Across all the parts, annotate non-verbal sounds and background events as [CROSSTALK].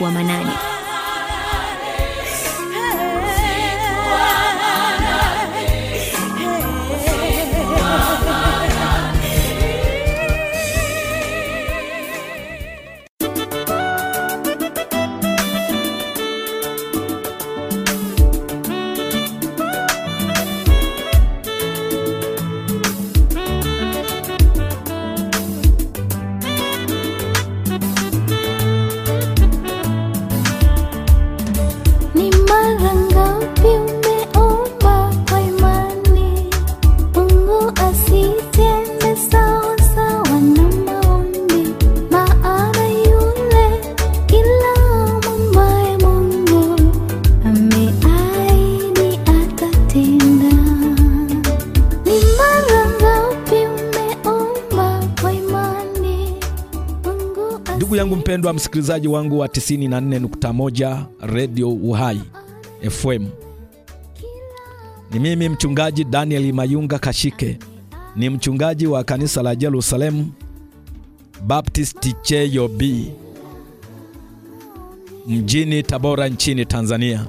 wa manane. mpendwa msikilizaji wangu wa 94.1 redio Uhai FM, ni mimi mchungaji Daniel Mayunga Kashike, ni mchungaji wa kanisa la Jerusalem Baptist Cheyob mjini Tabora nchini Tanzania.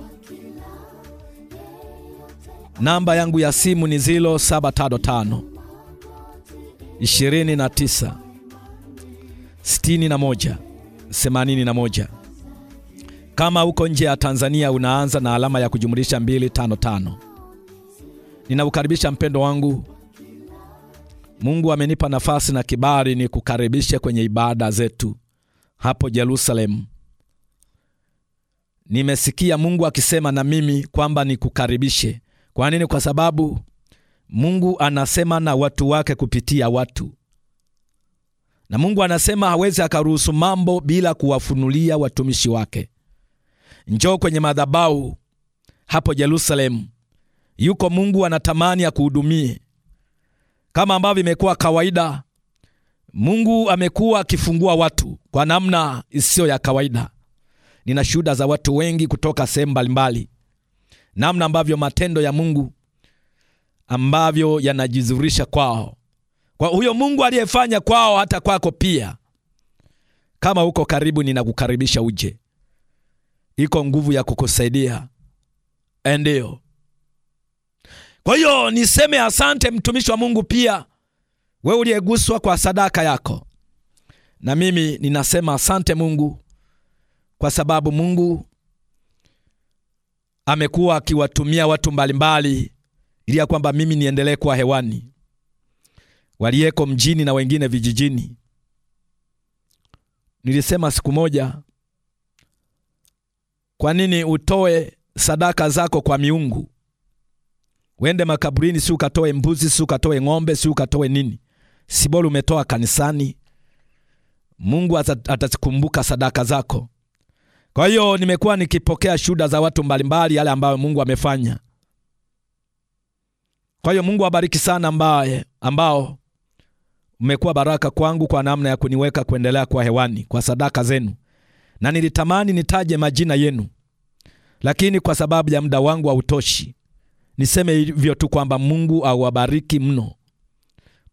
Namba yangu ya simu ni 0755 29 61 81. Kama uko nje ya Tanzania unaanza na alama ya kujumlisha 255. Ninaukaribisha mpendo wangu. Mungu amenipa nafasi na kibali ni kukaribisha kwenye ibada zetu hapo Jerusalemu. Nimesikia Mungu akisema na mimi kwamba nikukaribishe. Kwa nini? Kwa sababu Mungu anasema na watu wake kupitia watu na Mungu anasema hawezi akaruhusu mambo bila kuwafunulia watumishi wake. Njoo kwenye madhabahu hapo Yerusalemu, yuko Mungu anatamani akuhudumie. Kama ambavyo imekuwa kawaida, Mungu amekuwa akifungua watu kwa namna isiyo ya kawaida. Nina shuhuda za watu wengi kutoka sehemu mbalimbali, namna ambavyo matendo ya Mungu ambavyo yanajizurisha kwao kwa huyo Mungu aliyefanya kwao hata kwako pia. Kama uko karibu, ninakukaribisha uje, iko nguvu ya kukusaidia. Eh, ndio, kwa hiyo niseme asante, mtumishi wa Mungu, pia wewe uliyeguswa kwa sadaka yako, na mimi ninasema asante Mungu, kwa sababu Mungu amekuwa akiwatumia watu mbalimbali ili ya kwamba mimi niendelee kuwa hewani waliyeko mjini na wengine vijijini. Nilisema siku moja, kwa nini utoe sadaka zako kwa miungu? Wende makaburini, si ukatoe mbuzi, si ukatoe ng'ombe, si ukatoe nini? Si bora umetoa kanisani. Mungu atazikumbuka sadaka zako. Kwa hiyo nimekuwa nikipokea shuhuda za watu mbalimbali, yale ambayo Mungu amefanya. Kwa hiyo Mungu abariki sana ambaye ambao Mmekuwa baraka kwangu kwa namna ya kuniweka kuendelea kwa hewani kwa sadaka zenu, na nilitamani nitaje majina yenu, lakini kwa sababu ya muda wangu hautoshi. Wa niseme hivyo tu kwamba Mungu awabariki mno,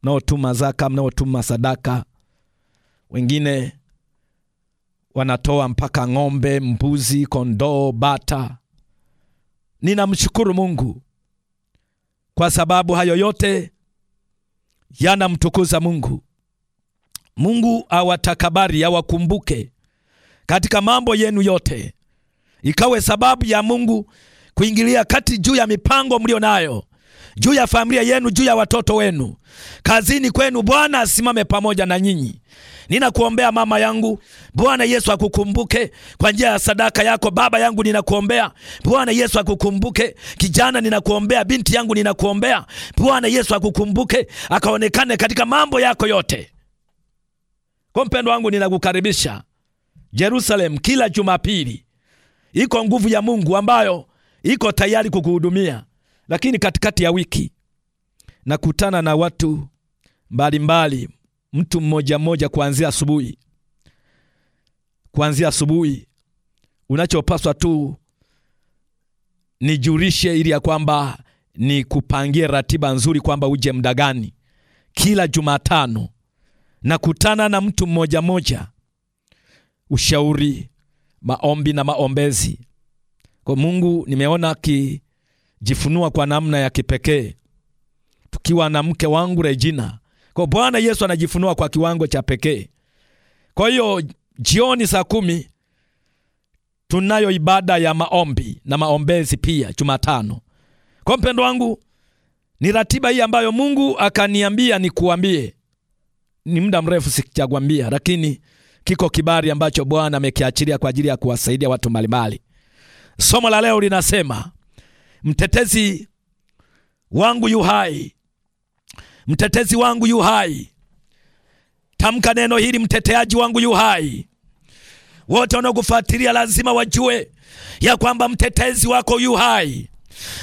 mnaotuma zaka, mnaotuma sadaka. Wengine wanatoa mpaka ng'ombe, mbuzi, kondoo, bata. Ninamshukuru Mungu kwa sababu hayo yote yanamtukuza Mungu. Mungu awatakabari, awakumbuke katika mambo yenu yote, ikawe sababu ya Mungu kuingilia kati juu ya mipango mlio nayo juu ya familia yenu, juu ya watoto wenu, kazini kwenu. Bwana asimame pamoja na nyinyi. Ninakuombea mama yangu, Bwana Yesu akukumbuke kwa njia ya sadaka yako. Baba yangu, ninakuombea Bwana Yesu akukumbuke. Kijana, ninakuombea. Binti yangu, ninakuombea Bwana Yesu akukumbuke, akaonekane katika mambo yako yote. Kwa mpendo wangu, ninakukaribisha Jerusalem kila Jumapili. Iko nguvu ya Mungu ambayo iko tayari kukuhudumia. Lakini katikati ya wiki nakutana na watu mbalimbali mbali, mtu mmoja mmoja, kuanzia asubuhi, kuanzia asubuhi. Unachopaswa tu nijulishe, ili ya kwamba kupangie ratiba nzuri, kwamba uje muda gani. Kila Jumatano nakutana na mtu mmoja mmoja, ushauri, maombi na maombezi kwa Mungu. Nimeona ki jifunua kwa namna ya kipekee, tukiwa na mke wangu Regina. Kwa Bwana Yesu anajifunua kwa kiwango cha pekee. Kwa hiyo jioni saa kumi tunayo ibada ya maombi na maombezi pia Jumatano. Kwa mpendo wangu, ni ratiba hii ambayo Mungu akaniambia nikuambie. Ni muda mrefu sikichagwambia, lakini kiko kibali ambacho Bwana amekiachilia kwa ajili ya kuwasaidia watu mbalimbali. Somo la leo linasema mtetezi wangu yu hai, mtetezi wangu yu hai. Tamka neno hili, mteteaji wangu yu hai. Wote wanaokufuatilia lazima wajue ya kwamba mtetezi wako yu hai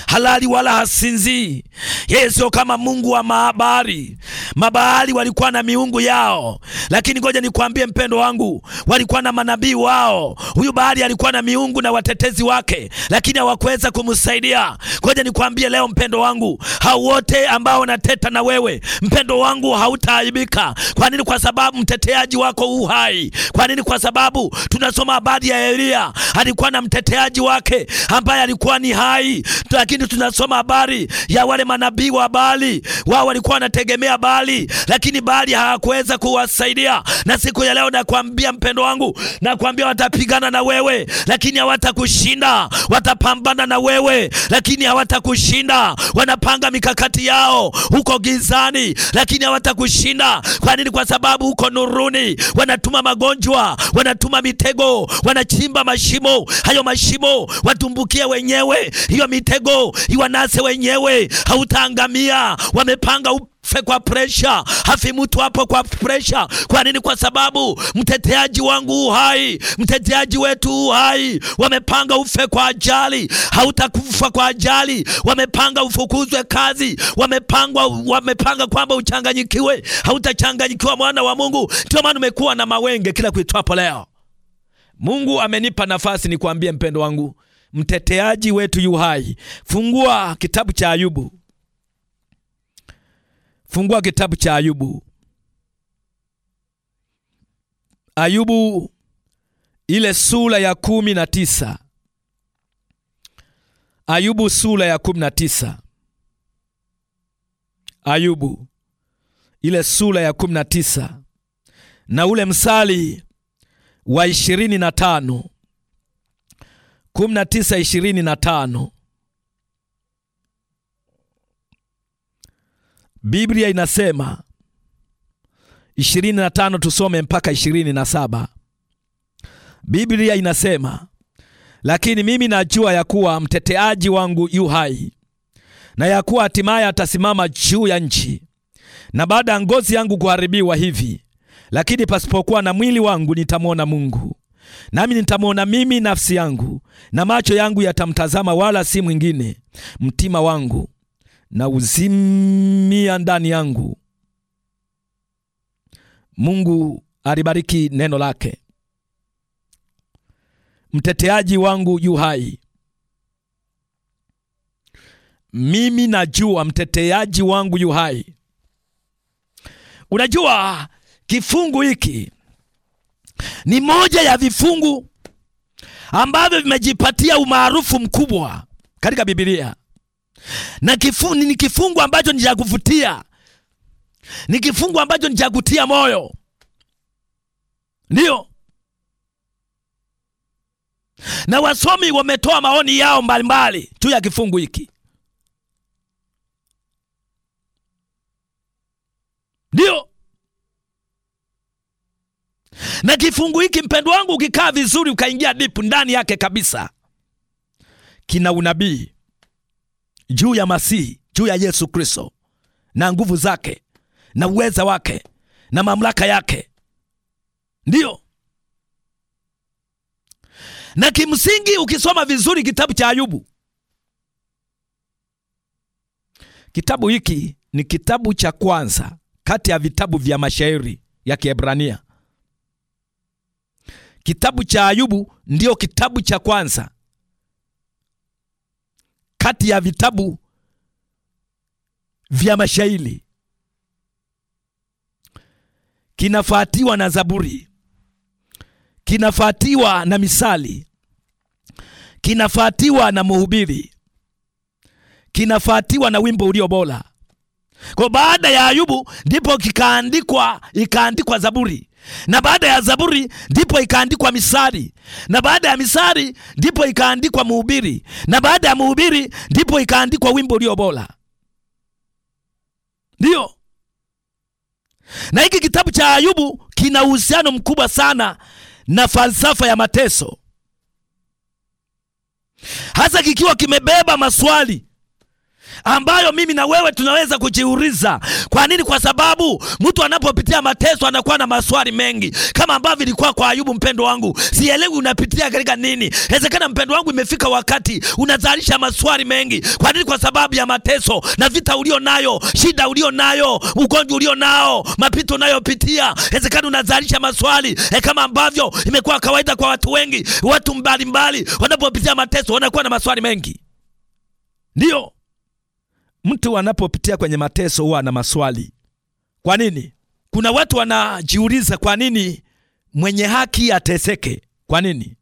halali wala hasinzii. Yeye sio kama Mungu wa maabari. mabahali walikuwa na miungu yao, lakini ngoja nikwambie mpendo wangu, walikuwa na manabii wao. Huyu Baali alikuwa na miungu na watetezi wake, lakini hawakuweza kumsaidia. Ngoja nikwambie leo mpendo wangu, hao wote ambao wanateta na wewe mpendo wangu, hautaaibika. Kwa nini? Kwa sababu mteteaji wako hai. Kwa nini? Kwa sababu tunasoma habari ya Eliya, alikuwa na mteteaji wake ambaye alikuwa ni hai lakini tunasoma habari ya wale manabii wa Baali. Wao walikuwa wanategemea Baali, lakini Baali hawakuweza kuwasaidia. Na siku ya leo nakwambia mpendo wangu, nakwambia watapigana na wewe, lakini hawatakushinda. Watapambana na wewe, lakini hawatakushinda. Wanapanga mikakati yao huko gizani, lakini hawatakushinda. Kwa nini? Kwa sababu huko nuruni wanatuma magonjwa, wanatuma mitego, wanachimba mashimo. Hayo mashimo watumbukie wenyewe, hiyo mitego mtego, iwanase wenyewe, hautaangamia. Wamepanga ufe kwa presha, hafi mtu hapo kwa presha. Kwa nini? Kwa sababu mteteaji wangu uhai, mteteaji wetu uhai. Wamepanga ufe kwa ajali, hautakufa kwa ajali. Wamepanga ufukuzwe kazi, wamepanga, wamepanga kwamba uchanganyikiwe, hautachanganyikiwa mwana wa Mungu. Ndio maana umekuwa na mawenge kila kuitwapo leo. Mungu amenipa nafasi nikwambie mpendo wangu mteteaji wetu yu hai. Fungua kitabu cha Ayubu, fungua kitabu cha Ayubu. Ayubu ile sura ya kumi na tisa. Ayubu sura ya kumi na tisa. Ayubu ile sura ya kumi na tisa na ule msali wa ishirini na tano. 19:25 Biblia inasema 25, tusome mpaka 27. Biblia inasema lakini mimi najua ya kuwa mteteaji wangu yu hai, na ya kuwa hatimaye atasimama juu ya nchi, na baada ya ngozi yangu kuharibiwa hivi, lakini pasipokuwa na mwili wangu nitamwona Mungu. Nami nitamwona mimi nafsi yangu, na macho yangu yatamtazama, wala si mwingine. Mtima wangu na uzimia ndani yangu. Mungu alibariki neno lake. Mteteaji wangu yu hai, mimi najua mteteaji wangu yu hai. Unajua kifungu hiki ni moja ya vifungu ambavyo vimejipatia umaarufu mkubwa katika Biblia na kifungu, ni kifungu ambacho ni cha kuvutia, ni kifungu ambacho ni cha kutia moyo. Ndiyo, na wasomi wametoa maoni yao mbalimbali juu ya kifungu hiki. Ndiyo. Na kifungu hiki mpendo wangu, ukikaa vizuri, ukaingia dipu ndani yake kabisa, kina unabii juu ya Masihi, juu ya Yesu Kristo na nguvu zake na uweza wake na mamlaka yake, ndiyo na kimsingi ukisoma vizuri kitabu cha Ayubu, kitabu hiki ni kitabu cha kwanza kati ya vitabu vya mashairi ya Kiebrania Kitabu cha Ayubu ndio kitabu cha kwanza kati ya vitabu vya mashairi, kinafuatiwa na Zaburi, kinafuatiwa na Misali, kinafuatiwa na Mhubiri, kinafuatiwa na Wimbo Ulio Bora. Kwa baada ya Ayubu ndipo kikaandikwa ikaandikwa Zaburi, na baada ya Zaburi ndipo ikaandikwa Misari, na baada ya Misari ndipo ikaandikwa Mhubiri, na baada ya Mhubiri ndipo ikaandikwa wimbo ulio bora. Ndiyo, na hiki kitabu cha Ayubu kina uhusiano mkubwa sana na falsafa ya mateso, hasa kikiwa kimebeba maswali ambayo mimi na wewe tunaweza kujiuliza kwa nini? Kwa sababu mtu anapopitia mateso anakuwa na maswali mengi, kama ambavyo ilikuwa kwa Ayubu. Mpendo wangu, sielewi unapitia katika nini. Inawezekana mpendo wangu, imefika wakati unazalisha maswali mengi. Kwa nini? Kwa sababu ya mateso na vita ulio nayo, shida ulio nayo, ugonjwa ulio nao, mapito unayopitia. Inawezekana unazalisha maswali e, kama ambavyo imekuwa kawaida kwa watu wengi. Watu mbalimbali wanapopitia mateso wanakuwa na maswali mengi, ndio Mtu anapopitia kwenye mateso huwa na maswali. Kwa nini? Kuna watu wanajiuliza kwa nini mwenye haki ateseke? Kwa nini?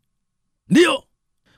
Ndiyo,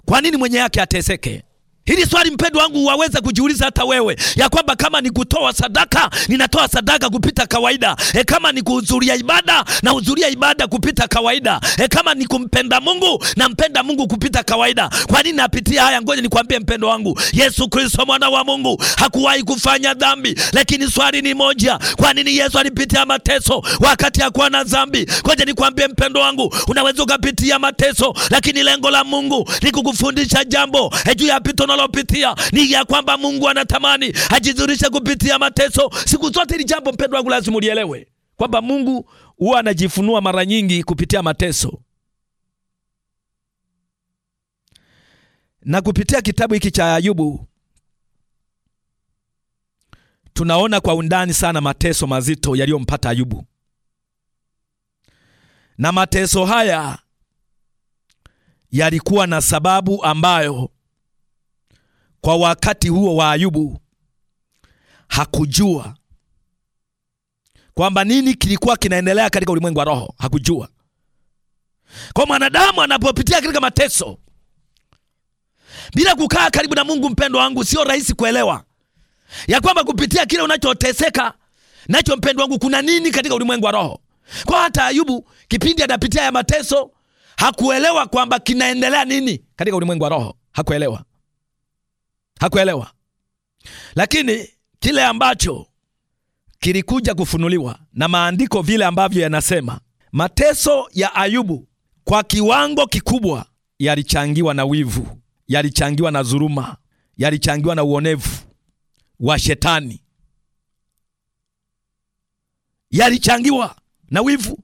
kwa nini mwenye haki ateseke? Hili swali mpendo wangu waweze kujiuliza hata wewe ya kwamba kama ni kutoa sadaka, ninatoa sadaka kupita kawaida. E, kama ni kuhudhuria ibada, nahudhuria ibada kupita kawaida. E, kama ni kumpenda Mungu, nampenda Mungu kupita kawaida. Kwa nini napitia haya? Ngoja nikwambie mpendo wangu, Yesu Kristo mwana wa Mungu hakuwahi kufanya dhambi, lakini swali ni moja, kwa nini Yesu alipitia mateso wakati hakuwa na dhambi? Ngoja nikwambie mpendo wangu, unaweza ukapitia mateso, lakini lengo la Mungu ni kukufundisha jambo e juu ya pito unalopitia ni ya kwamba Mungu anatamani ajizurishe kupitia mateso siku zote. Ni jambo mpendwa wangu, lazima ulielewe kwamba Mungu huwa anajifunua mara nyingi kupitia mateso. Na kupitia kitabu hiki cha Ayubu tunaona kwa undani sana mateso mazito yaliyompata Ayubu, na mateso haya yalikuwa na sababu ambayo kwa wakati huo wa Ayubu hakujua kwamba nini kilikuwa kinaendelea katika ulimwengu wa roho, hakujua. Kwa mwanadamu anapopitia katika mateso bila kukaa karibu na Mungu, mpendo wangu, sio rahisi kuelewa ya kwamba kupitia kile unachoteseka nacho, mpendo wangu, kuna nini katika ulimwengu wa roho. Kwa hata Ayubu kipindi anapitia ya mateso hakuelewa kwamba kinaendelea nini katika ulimwengu wa roho, hakuelewa hakuelewa, lakini kile ambacho kilikuja kufunuliwa na maandiko vile ambavyo yanasema, mateso ya Ayubu kwa kiwango kikubwa yalichangiwa na wivu, yalichangiwa na dhuluma, yalichangiwa na uonevu wa Shetani, yalichangiwa na wivu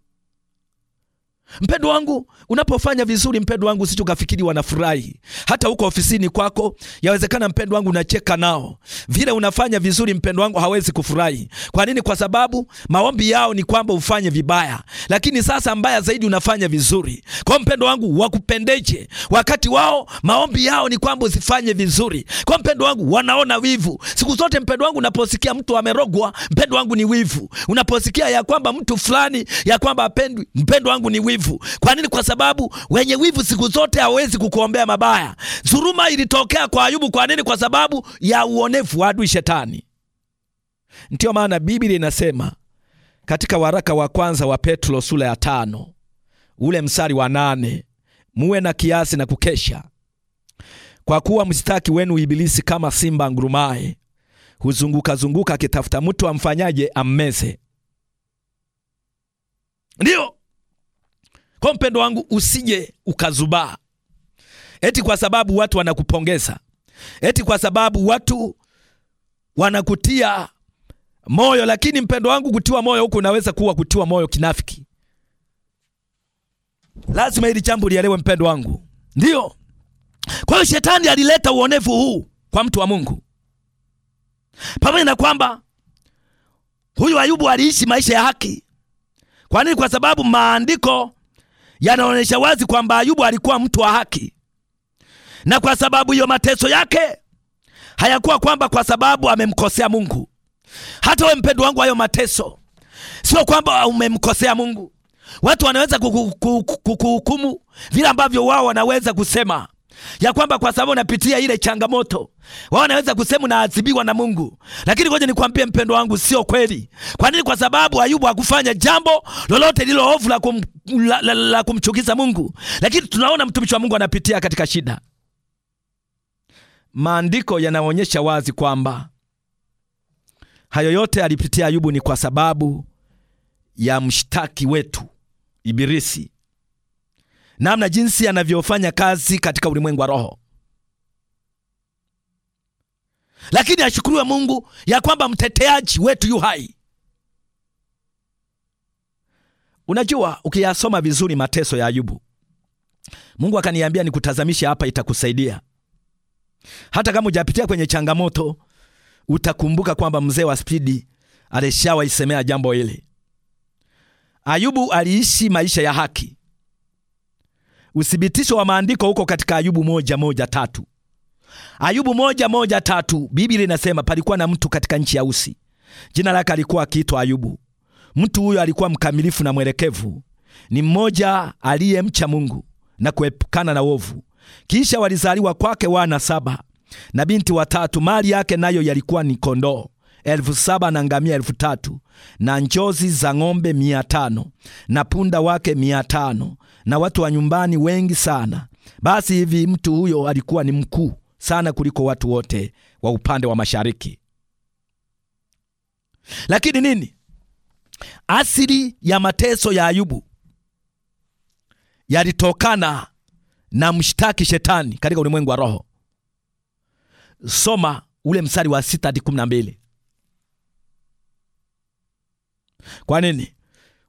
Mpendo wangu, unapofanya vizuri, mpendo wangu, usije ukafikiri wanafurahi. Hata huko ofisini kwako, yawezekana mpendo wangu unacheka nao. Vile unafanya vizuri, mpendo wangu, hawezi kufurahi. Kwa nini? Kwa sababu maombi yao ni kwamba ufanye vibaya, lakini sasa mbaya zaidi unafanya vizuri. Kwa mpendo wangu, wakupendeje? Wakati wao maombi yao ni kwamba usifanye vizuri. Kwa mpendo wangu, wanaona wivu. Siku zote mpendo wangu, unaposikia mtu amerogwa, mpendo wangu, ni wivu. Unaposikia ya kwamba mtu fulani ya kwamba apendwi, mpendo wangu, ni wivu wivu. Kwa nini? Kwa sababu wenye wivu siku zote hawezi kukuombea mabaya. Dhuluma ilitokea kwa Ayubu. Kwa nini? Kwa sababu ya uonevu wa adui Shetani. Ndiyo maana Biblia inasema katika waraka wa kwanza wa Petro sura ya tano ule msari wa nane muwe na kiasi na kukesha, kwa kuwa mshtaki wenu Ibilisi kama simba ngurumaye huzunguka zunguka akitafuta mtu amfanyaje ammeze. Ndiyo kwa mpendo wangu, usije ukazubaa eti kwa sababu watu wanakupongeza, eti kwa sababu watu wanakutia moyo. Lakini mpendo wangu, kutiwa moyo huku unaweza kuwa kutiwa moyo kinafiki. Lazima hili jambo lielewe, mpendo wangu, ndio. Kwa hiyo shetani alileta uonevu huu kwa mtu wa Mungu, pamoja na kwamba huyu Ayubu aliishi maisha ya haki. Kwa nini? Kwa sababu maandiko yanaonyesha wazi kwamba Ayubu alikuwa mtu wa haki, na kwa sababu hiyo mateso yake hayakuwa kwamba kwa sababu amemkosea Mungu. Hata we mpendo wangu, hayo mateso sio kwamba umemkosea Mungu. Watu wanaweza kukuhukumu vile ambavyo wao wanaweza kusema ya kwamba kwa sababu unapitia ile changamoto, wao wanaweza kusema unaadhibiwa na Mungu. Lakini ngoja nikwambie mpendo wangu, sio kweli. Kwa nini? Kwa sababu Ayubu hakufanya jambo lolote lilo ovu la, kum, la, la, la kumchukiza Mungu, lakini tunaona mtumishi wa Mungu anapitia katika shida. Maandiko yanaonyesha wazi kwamba hayo yote alipitia Ayubu ni kwa sababu ya mshtaki wetu Ibilisi namna jinsi anavyofanya kazi katika ulimwengu wa roho. Lakini ashukuriwe Mungu ya kwamba mteteaji wetu yu hai. Unajua, ukiyasoma vizuri mateso ya Ayubu, Mungu akaniambia nikutazamishe hapa, itakusaidia hata kama hujapitia kwenye changamoto. Utakumbuka kwamba mzee wa spidi alishawaisemea jambo hili. Ayubu aliishi maisha ya haki, Uthibitisho wa maandiko huko katika Ayubu moja moja tatu. Ayubu moja moja tatu, Biblia inasema palikuwa na mtu katika nchi ya Usi, jina lake alikuwa akiitwa Ayubu. Mtu huyo alikuwa mkamilifu na mwelekevu, ni mmoja aliyemcha Mungu na kuepukana na wovu. Kisha walizaliwa kwake wana saba na binti watatu. Mali yake nayo yalikuwa ni kondoo elfu saba na ngamia elfu tatu na njozi za ng'ombe mia tano na punda wake mia tano na watu wa nyumbani wengi sana. Basi hivi mtu huyo alikuwa ni mkuu sana kuliko watu wote wa upande wa mashariki. Lakini nini asili ya mateso ya Ayubu? Yalitokana na mshtaki shetani katika ulimwengu wa roho. Soma ule mstari wa sita hadi kumi na mbili. Kwa nini?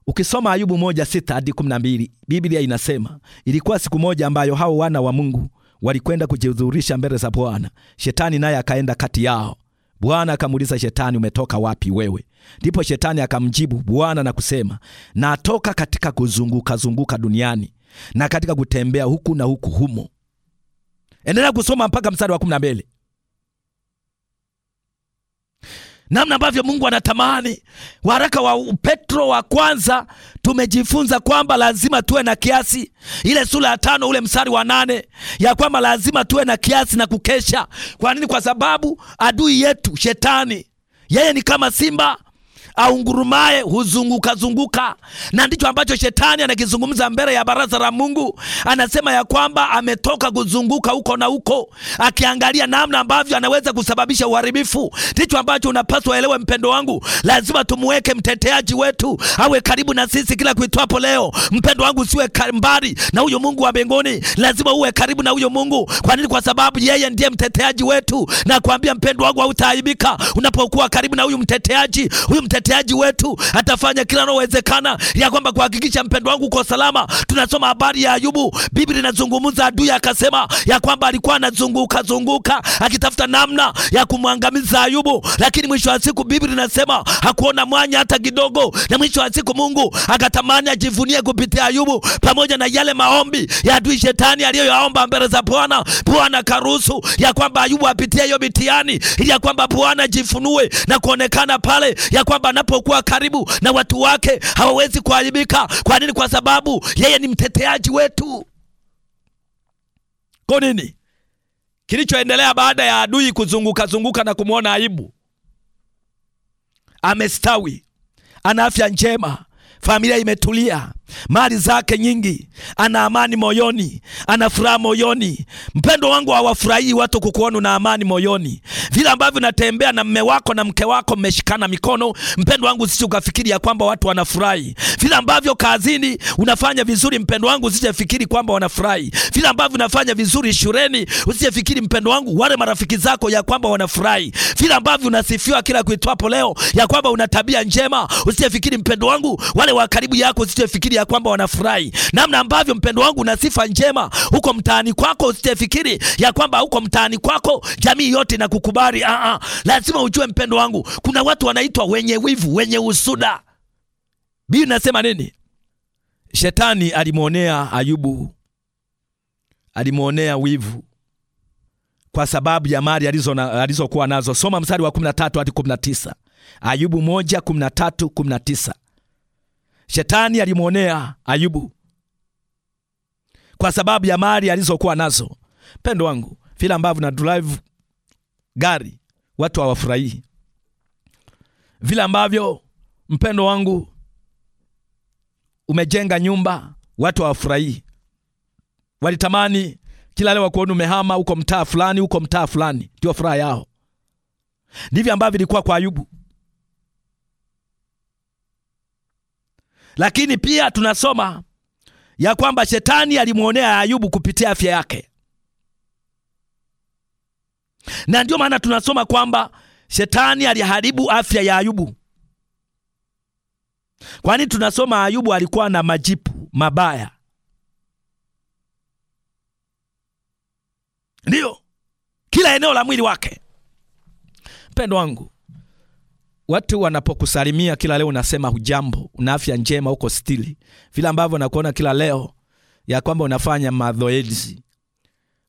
Ukisoma Ayubu moja sita hadi kumi na mbili Biblia inasema ilikuwa siku moja ambayo hao wana wa Mungu walikwenda kujihudhurisha mbele za Bwana, shetani naye akaenda kati yao. Bwana akamuuliza shetani, umetoka wapi wewe? Ndipo shetani akamjibu Bwana na kusema, natoka katika kuzunguka zunguka duniani na katika kutembea huku na huku humo. Endelea kusoma mpaka mstari wa kumi na mbili. namna ambavyo Mungu anatamani. Waraka wa Petro wa kwanza tumejifunza kwamba lazima tuwe na kiasi, ile sura ya tano ule mstari wa nane ya kwamba lazima tuwe na kiasi na kukesha. Kwa nini? Kwa sababu adui yetu shetani, yeye ni kama simba aungurumaye huzunguka zunguka, na ndicho ambacho shetani anakizungumza mbele ya baraza la Mungu. Anasema ya kwamba ametoka kuzunguka huko na huko, akiangalia namna ambavyo anaweza kusababisha uharibifu. Ndicho ambacho unapaswa elewe, mpendo wangu, lazima tumuweke mteteaji wetu awe karibu na sisi kila kuitwapo leo. Mpendo wangu, usiwe mbali na huyo Mungu wa mbinguni, lazima uwe karibu na huyo Mungu. Kwa nini? Kwa sababu yeye ndiye mteteaji wetu, na kuambia mpendo wangu, hautaaibika unapokuwa karibu na huyu mteteaji, huyu mteteaji mteteaji wetu atafanya kila nawezekana ya kwamba kuhakikisha mpendo wangu uko salama. Tunasoma habari ya Ayubu, Biblia inazungumza adui akasema ya kwamba alikuwa anazunguka zunguka akitafuta namna ya kumwangamiza Ayubu, lakini mwisho wa siku Biblia inasema hakuona mwanya hata kidogo, na mwisho wa siku Mungu akatamani ajivunie kupitia Ayubu pamoja na yale maombi ya adui shetani aliyoyaomba mbele za Bwana. Bwana karuhusu ya kwamba Ayubu apitie hiyo mitihani ili ya kwamba Bwana jifunue na kuonekana pale ya kwamba anapokuwa karibu na watu wake hawawezi kuharibika. Kwa nini? Kwa sababu yeye ni mteteaji wetu. Kwa nini? Kilichoendelea baada ya adui kuzunguka zunguka na kumwona aibu, amestawi, ana afya njema, familia imetulia mali zake nyingi, ana amani moyoni, ana furaha moyoni. Mpendo wangu, hawafurahii watu kukuona na amani moyoni, vile ambavyo natembea na mme wako na mke wako mmeshikana mikono. Mpendo wangu, sisi ukafikiri ya kwamba watu wanafurahi. Vile ambavyo kazini unafanya vizuri, mpendo wangu, usijafikiri kwamba wanafurahi. Vile ambavyo unafanya vizuri shuleni, Usijafikiri mpendo wangu, wale marafiki zako ya kwamba wanafurahi. Vile ambavyo unasifiwa kila kuitwapo leo ya kwamba una tabia njema, Usijafikiri mpendo wangu, wale wa karibu yako usijafikiri ya ya kwamba wanafurahi. Namna ambavyo mpendo wangu na sifa njema huko mtaani kwako, usitefikiri ya kwamba huko mtaani kwako jamii yote inakukubali. Aa, ah, ah. lazima ujue mpendo wangu, kuna watu wanaitwa wenye wivu, wenye usuda. Biblia inasema nini? Shetani alimwonea Ayubu, alimwonea wivu kwa sababu ya mali alizokuwa na, nazo. Soma mstari wa 13 hadi 19, Ayubu 1 13 19. Shetani alimwonea Ayubu kwa sababu ya mali alizokuwa nazo. Pendo wangu, vile ambavyo na drive gari watu hawafurahii, vile ambavyo mpendo wangu umejenga nyumba watu hawafurahii. Walitamani kila leo wakuona umehama, huko mtaa fulani, huko mtaa fulani, ndio furaha yao. Ndivyo ambavyo ilikuwa kwa Ayubu. Lakini pia tunasoma ya kwamba shetani alimwonea Ayubu kupitia afya yake, na ndio maana tunasoma kwamba shetani aliharibu afya ya Ayubu, kwani tunasoma Ayubu alikuwa na majipu mabaya. Ndiyo, kila eneo la mwili wake. Mpendo wangu, watu wanapokusalimia kila leo unasema hujambo, una afya njema, uko stili, vile ambavyo nakuona kila leo ya kwamba unafanya mazoezi,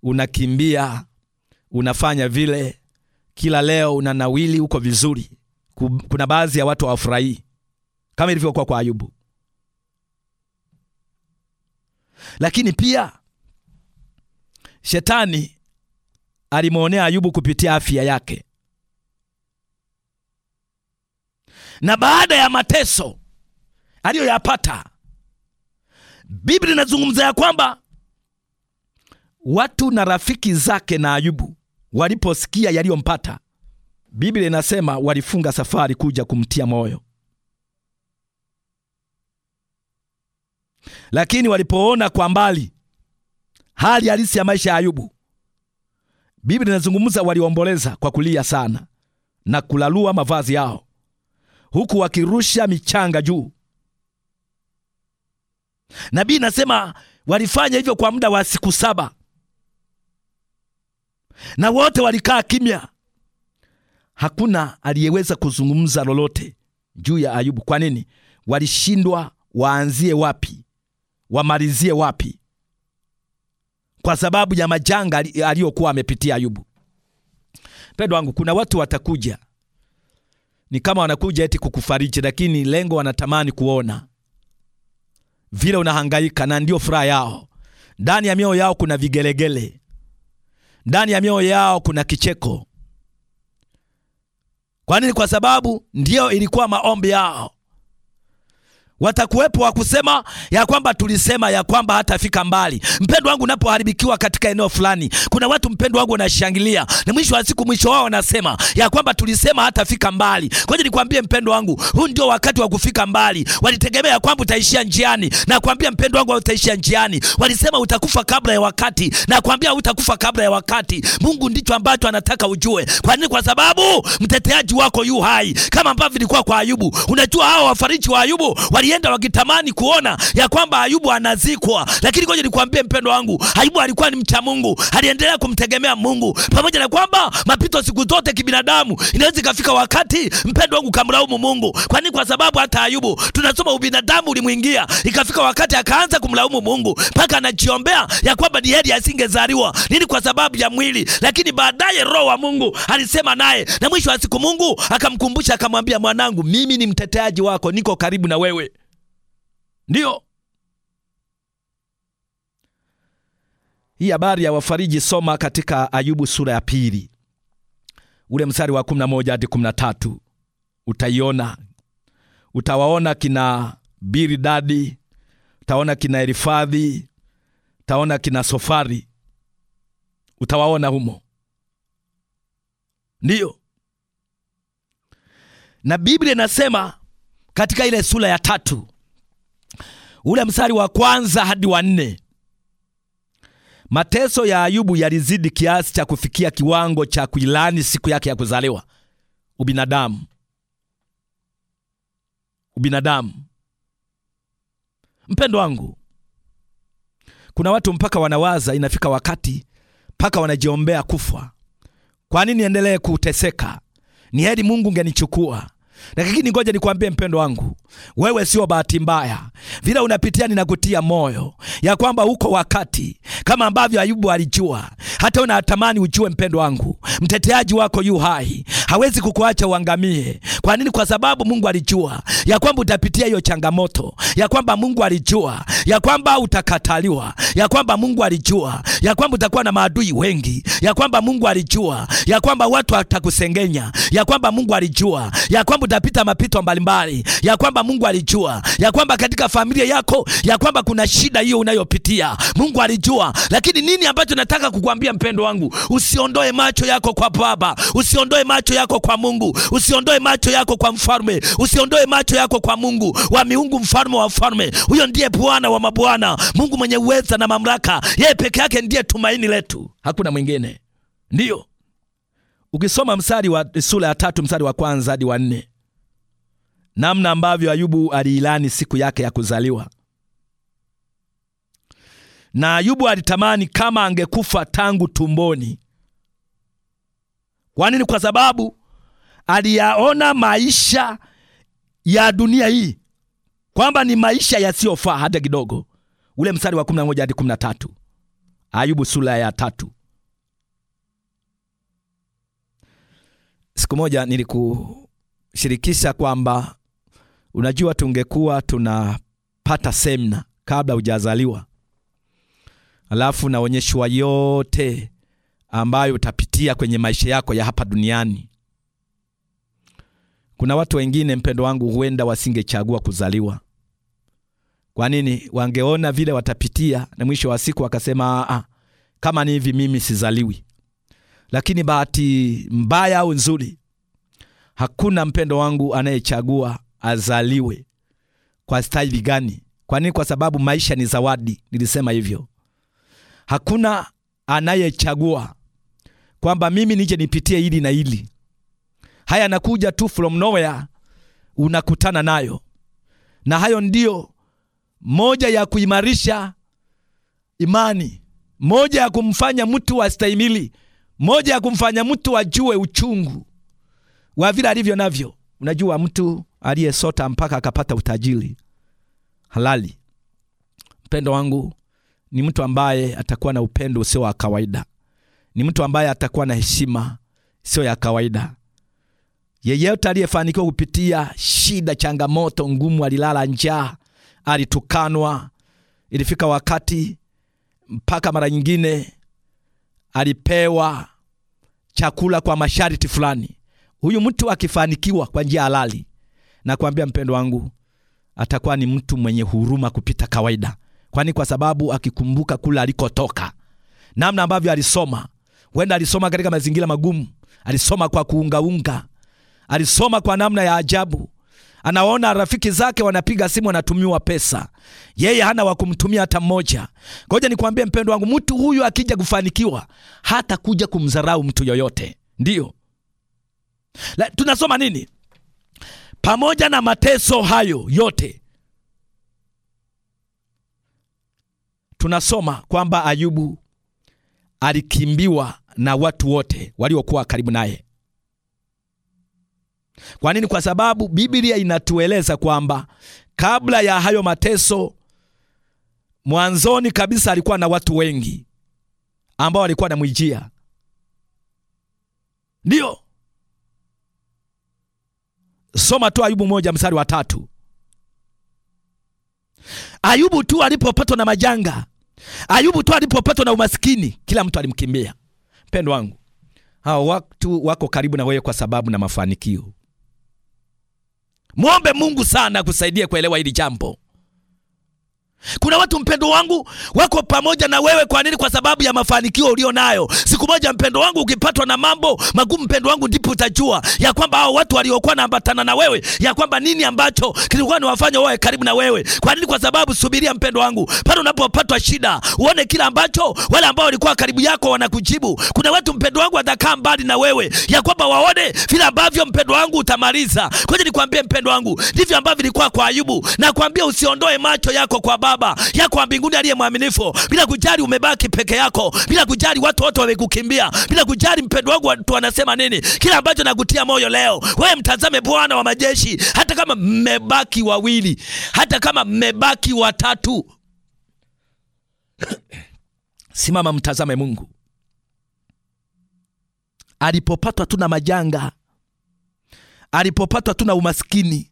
unakimbia, unafanya vile kila leo, unanawili, uko vizuri. Kuna baadhi ya watu hawafurahii kama ilivyokuwa kwa Ayubu, lakini pia shetani alimwonea Ayubu kupitia afya yake. na baada ya mateso aliyoyapata, Biblia inazungumza ya kwamba watu na rafiki zake na Ayubu waliposikia yaliyompata, Biblia inasema walifunga safari kuja kumtia moyo, lakini walipoona kwa mbali hali halisi ya maisha ya Ayubu, Biblia inazungumza waliomboleza kwa kulia sana na kulalua mavazi yao huku wakirusha michanga juu. Nabii nasema walifanya hivyo kwa muda wa siku saba, na wote walikaa kimya. Hakuna aliyeweza kuzungumza lolote juu ya Ayubu. Kwa nini? Walishindwa waanzie wapi, wamalizie wapi, kwa sababu ya majanga aliyokuwa amepitia Ayubu. Mpendwa wangu, kuna watu watakuja ni kama wanakuja eti kukufariji, lakini lengo wanatamani kuona vile unahangaika, na ndio furaha yao. Ndani ya mioyo yao kuna vigelegele, ndani ya mioyo yao kuna kicheko. Kwa nini? Kwa sababu ndio ilikuwa maombi yao watakuwepo wa kusema ya kwamba tulisema ya kwamba hatafika mbali. Mpendo wangu, unapoharibikiwa katika eneo fulani, kuna watu mpendo wangu wanashangilia, na mwisho wa siku, mwisho wao wanasema ya kwamba tulisema hatafika mbali. Kwa hiyo nikwambie mpendo wangu, huu ndio wakati wa kufika mbali. Walitegemea kwamba utaishia njiani, na kwambia mpendo wangu, utaishia njiani. Walisema utakufa kabla ya wakati, na kwambia utakufa kabla ya wakati. Mungu ndicho ambacho anataka ujue. Kwa nini? Kwa sababu mteteaji wako yu hai, kama ambavyo ilikuwa kwa Ayubu. Unajua hao wafariji wa Ayubu wali walienda wakitamani kuona ya kwamba Ayubu anazikwa, lakini ngoja nikwambie mpendo wangu, Ayubu alikuwa ni mcha Mungu, aliendelea kumtegemea Mungu pamoja na kwamba mapito siku zote kibinadamu inaweza ikafika wakati mpendo wangu kamlaumu Mungu. Kwa nini? Kwa sababu hata Ayubu tunasoma ubinadamu ulimwingia, ikafika wakati akaanza kumlaumu Mungu mpaka anajiombea ya kwamba ni heri asingezaliwa. Nini? Kwa sababu ya mwili, lakini baadaye Roho wa Mungu alisema naye, na mwisho wa siku Mungu akamkumbusha akamwambia, mwanangu, mimi ni mteteaji wako, niko karibu na wewe ndio hii habari ya wafariji soma katika Ayubu sura ya pili ule mstari wa 11 hadi 13, utaiona. Utawaona kina Biridadi, utaona kina erifadhi utaona kina Sofari, utawaona humo. Ndiyo, na Biblia inasema katika ile sura ya tatu ule msari wa kwanza hadi wa nne. Mateso ya Ayubu yalizidi kiasi cha kufikia kiwango cha kuilani siku yake ya kuzaliwa. Ubinadamu, ubinadamu. Mpendo wangu, kuna watu mpaka wanawaza inafika wakati mpaka wanajiombea kufa. Kwa nini niendelee kuteseka? Ni heri Mungu ungenichukua. Lakini ngoja nikwambie mpendo wangu, wewe sio bahati mbaya. Vile unapitia ninakutia moyo ya kwamba huko wakati kama ambavyo Ayubu alijua, hata unatamani ujue, mpendo wangu, mteteaji wako yu hai, hawezi kukuacha uangamie. Kwa nini? Kwa sababu Mungu alijua ya kwamba utapitia hiyo changamoto, ya kwamba Mungu alijua ya kwamba utakataliwa, ya kwamba Mungu alijua ya kwamba utakuwa na maadui wengi, ya kwamba Mungu alijua ya kwamba watu watakusengenya, ya kwamba Mungu alijua ya kwamba sababu utapita mapito mbalimbali ya kwamba Mungu alijua ya kwamba katika familia yako ya kwamba kuna shida hiyo unayopitia. Mungu alijua, lakini nini ambacho nataka kukuambia mpendo wangu, usiondoe macho yako kwa Baba, usiondoe macho yako kwa Mungu, usiondoe macho yako kwa mfalme, usiondoe macho yako kwa Mungu wa miungu, mfalme wa mfalme. Huyo ndiye Bwana wa mabwana, Mungu mwenye uweza na mamlaka. Yeye peke yake ndiye tumaini letu, hakuna mwingine. Ndiyo, ukisoma mstari wa sura ya tatu mstari wa kwanza hadi wa nne namna ambavyo Ayubu aliilani siku yake ya kuzaliwa. Na Ayubu alitamani kama angekufa tangu tumboni. Kwa nini? Kwa sababu aliyaona maisha ya dunia hii kwamba ni maisha yasiyofaa hata kidogo. Ule mstari wa 11 hadi 13, Ayubu sura ya tatu. Siku moja nilikushirikisha kwamba Unajua, tungekuwa tunapata semna kabla hujazaliwa, alafu naonyeshwa yote ambayo utapitia kwenye maisha yako ya hapa duniani. Kuna watu wengine, mpendo wangu, huenda wasingechagua kuzaliwa. Kwa nini? Wangeona vile watapitia, na mwisho wa siku wakasema, aa, kama ni hivi mimi sizaliwi. Lakini bahati mbaya au nzuri, hakuna mpendo wangu anayechagua azaliwe kwa staili gani? Kwa nini? Kwa sababu maisha ni zawadi. Nilisema hivyo, hakuna anayechagua kwamba mimi nije nipitie hili na hili. Haya nakuja tu from nowhere, unakutana nayo, na hayo ndiyo moja ya kuimarisha imani, moja ya kumfanya mtu astahimili, moja ya kumfanya mtu ajue uchungu wa vile alivyo navyo. Unajua, mtu aliyesota mpaka akapata utajiri halali, mpendo wangu, ni mtu ambaye atakuwa na upendo usio wa kawaida, ni mtu ambaye atakuwa na heshima sio ya kawaida. Yeyote aliyefanikiwa kupitia shida, changamoto ngumu, alilala njaa, alitukanwa, ilifika wakati mpaka mara nyingine alipewa chakula kwa masharti fulani Huyu mtu akifanikiwa kwa njia halali, nakwambia mpendo wangu, atakuwa ni mtu mwenye huruma kupita kawaida, kwani kwa sababu akikumbuka kule alikotoka, namna ambavyo alisoma, huenda alisoma katika mazingira magumu, alisoma kwa kuungaunga, alisoma kwa namna ya ajabu. Anaona rafiki zake wanapiga simu, wanatumiwa pesa, yeye hana wa kumtumia hata mmoja. Ngoja nikwambie mpendo wangu, mtu huyu akija kufanikiwa hata kuja kumdharau mtu yoyote, ndiyo la, tunasoma nini? Pamoja na mateso hayo yote tunasoma kwamba Ayubu alikimbiwa na watu wote waliokuwa karibu naye. Kwa nini? Kwa sababu Biblia inatueleza kwamba kabla ya hayo mateso, mwanzoni kabisa alikuwa na watu wengi ambao walikuwa mwijia, ndiyo Soma tu Ayubu moja mstari wa tatu. Ayubu tu alipopatwa na majanga, Ayubu tu alipopatwa na umaskini, kila mtu alimkimbia. Mpendo wangu, hawa watu wako karibu na wewe kwa sababu na mafanikio. Mwombe Mungu sana akusaidia kuelewa hili jambo. Kuna watu mpendo wangu wako pamoja na wewe. Kwa nini? Kwa sababu ya mafanikio ulio nayo. Siku moja mpendo wangu ukipatwa na mambo magumu, mpendo wangu, ndipo utajua ya kwamba hao watu waliokuwa naambatana na wewe ya kwamba nini ambacho kilikuwa ni wafanya wawe karibu na wewe. Kwa nini? Kwa sababu subiria, mpendo wangu, pale unapopatwa shida, uone kila ambacho wale ambao walikuwa karibu yako wanakujibu. Kuna watu mpendo wangu watakaa mbali na wewe ya kwamba waone vile ambavyo mpendo wangu utamaliza. Kwa hiyo nikwambie mpendo wangu, ndivyo ambavyo ilikuwa kwa Ayubu, na kwambia usiondoe macho yako kwa baba Baba yako wa mbinguni aliye mwaminifu, bila kujali umebaki peke yako, bila kujali watu wote wamekukimbia, bila kujali mpendo wangu watu wanasema nini. Kila ambacho nakutia moyo leo, wewe mtazame Bwana wa majeshi, hata kama mmebaki wawili, hata kama mmebaki watatu [COUGHS] Simama, mtazame Mungu. Alipopatwa tu na majanga, alipopatwa tu na umaskini,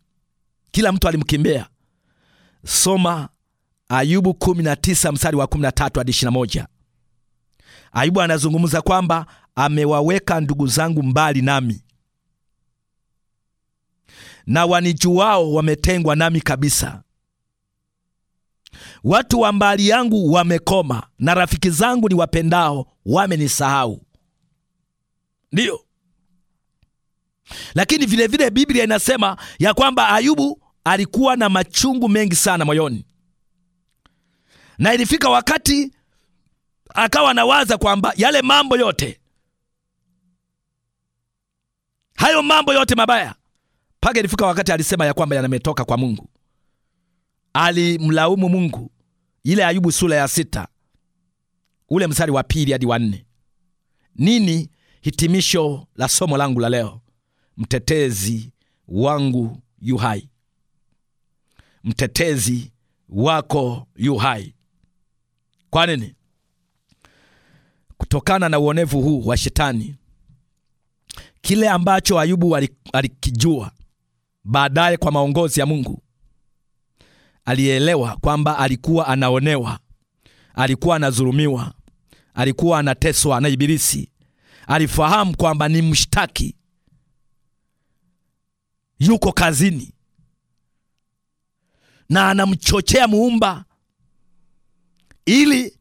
kila mtu alimkimbia. Soma Ayubu 19 mstari wa 13 hadi 21. Ayubu anazungumza kwamba amewaweka ndugu zangu mbali nami, na wanijuao wametengwa nami kabisa. Watu wa mbali yangu wamekoma, na rafiki zangu ni wapendao wamenisahau. Ndiyo, lakini vilevile Biblia inasema ya kwamba Ayubu alikuwa na machungu mengi sana moyoni na ilifika wakati akawa anawaza kwamba yale mambo yote hayo mambo yote mabaya mpaka ilifika wakati alisema ya kwamba yanametoka kwa Mungu. Alimlaumu Mungu, ile Ayubu sura ya sita ule mstari wa pili hadi wa nne. Nini hitimisho la somo langu la leo? Mtetezi wangu yu hai, mtetezi wako yu hai. Kwa nini? Kutokana na uonevu huu wa shetani, kile ambacho Ayubu alikijua baadaye kwa maongozi ya Mungu, alielewa kwamba alikuwa anaonewa, alikuwa anadhulumiwa, alikuwa anateswa na Ibilisi. Alifahamu kwamba ni mshtaki yuko kazini na anamchochea muumba ili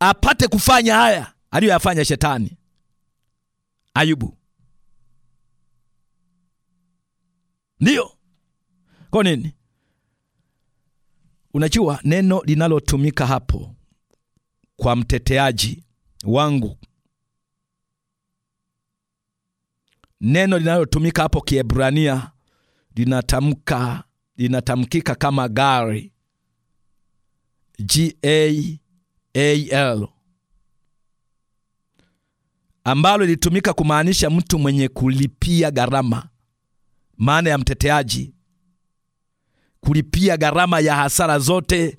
apate kufanya haya aliyoyafanya shetani Ayubu. Ndiyo, kwa nini? Unajua, neno linalotumika hapo kwa mteteaji wangu, neno linalotumika hapo Kiebrania linatamka linatamkika kama gari G-A-A-L ambalo ilitumika kumaanisha mtu mwenye kulipia gharama, maana ya mteteaji kulipia gharama ya hasara zote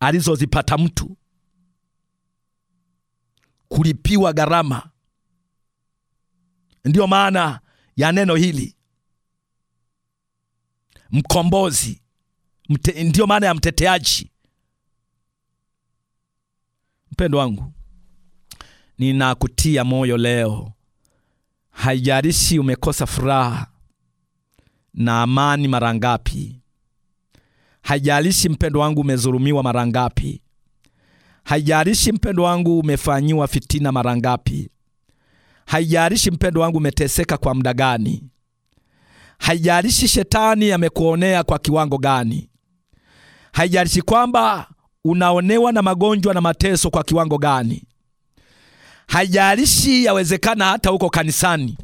alizozipata mtu, kulipiwa gharama. Ndiyo maana ya neno hili mkombozi mte, ndiyo maana ya mteteaji Mpendo wangu, ninakutia moyo leo, haijarishi umekosa furaha na amani mara ngapi, haijalishi mpendo wangu umezulumiwa mara ngapi, haijalishi mpendo wangu umefanyiwa fitina mara ngapi, haijalishi mpendo wangu umeteseka kwa muda gani, haijalishi shetani amekuonea kwa kiwango gani, haijarishi kwamba unaonewa na magonjwa na mateso kwa kiwango gani. Haijalishi, yawezekana hata huko kanisani.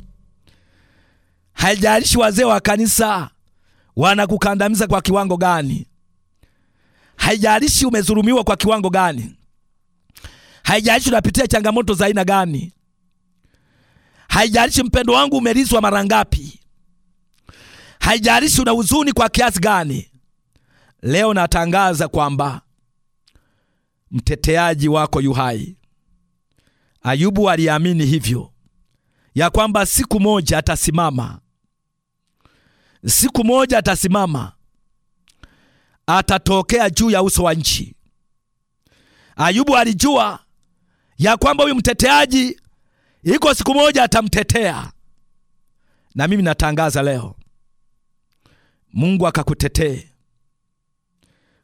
Haijalishi wazee wa kanisa wanakukandamiza kwa kiwango gani. Haijalishi umezulumiwa kwa kiwango gani. Haijalishi unapitia changamoto za aina gani. Haijalishi mpendo wangu umelizwa mara ngapi. Haijalishi una huzuni kwa kiasi gani. Leo natangaza kwamba mteteaji wako yu hai. Ayubu aliamini hivyo, ya kwamba siku moja atasimama, siku moja atasimama, atatokea juu ya uso wa nchi. Ayubu alijua ya kwamba huyu mteteaji iko siku moja atamtetea. Na mimi natangaza leo, Mungu akakutetee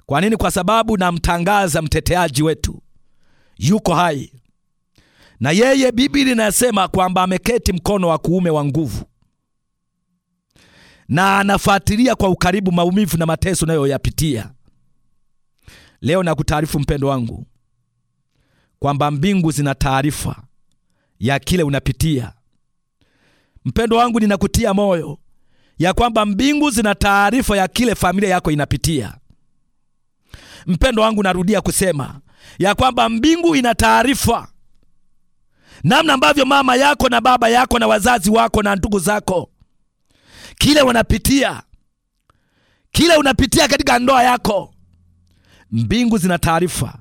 kwa nini? Kwa sababu namtangaza mteteaji wetu yuko hai, na yeye Biblia inasema kwamba ameketi mkono wa kuume wa nguvu, na anafuatilia kwa ukaribu maumivu na mateso unayoyapitia leo. Na kutaarifu mpendo wangu kwamba mbingu zina taarifa ya kile unapitia. Mpendo wangu, ninakutia moyo ya kwamba mbingu zina taarifa ya kile familia yako inapitia. Mpendo wangu, narudia kusema ya kwamba mbingu ina taarifa namna ambavyo mama yako na baba yako na wazazi wako na ndugu zako, kile wanapitia, kile unapitia katika ndoa yako, mbingu zina taarifa.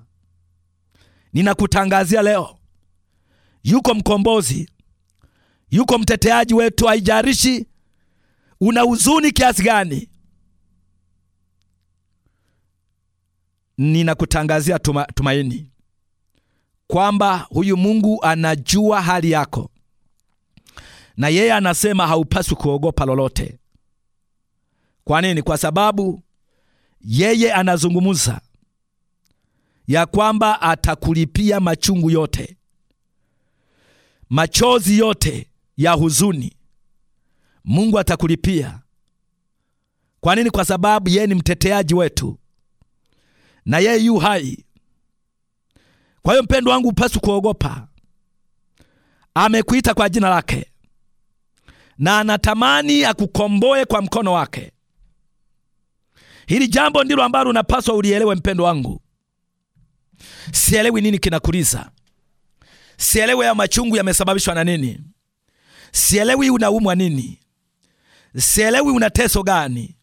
Ninakutangazia leo, yuko mkombozi, yuko mteteaji wetu. haijarishi una huzuni kiasi gani, ninakutangazia tuma, tumaini kwamba huyu Mungu anajua hali yako, na yeye anasema haupaswi kuogopa lolote. Kwa nini? Kwa sababu yeye anazungumza ya kwamba atakulipia machungu yote, machozi yote ya huzuni, Mungu atakulipia. Kwa nini? Kwa sababu yeye ni mteteaji wetu na yeye yu hai. Kwa hiyo mpendo wangu, upasu kuogopa. Amekuita kwa jina lake na anatamani akukomboe kwa mkono wake. Hili jambo ndilo ambalo unapaswa ulielewe, mpendo wangu. Sielewi nini kinakuliza, sielewi ya machungu yamesababishwa na nini, sielewi unaumwa nini, sielewi una teso gani,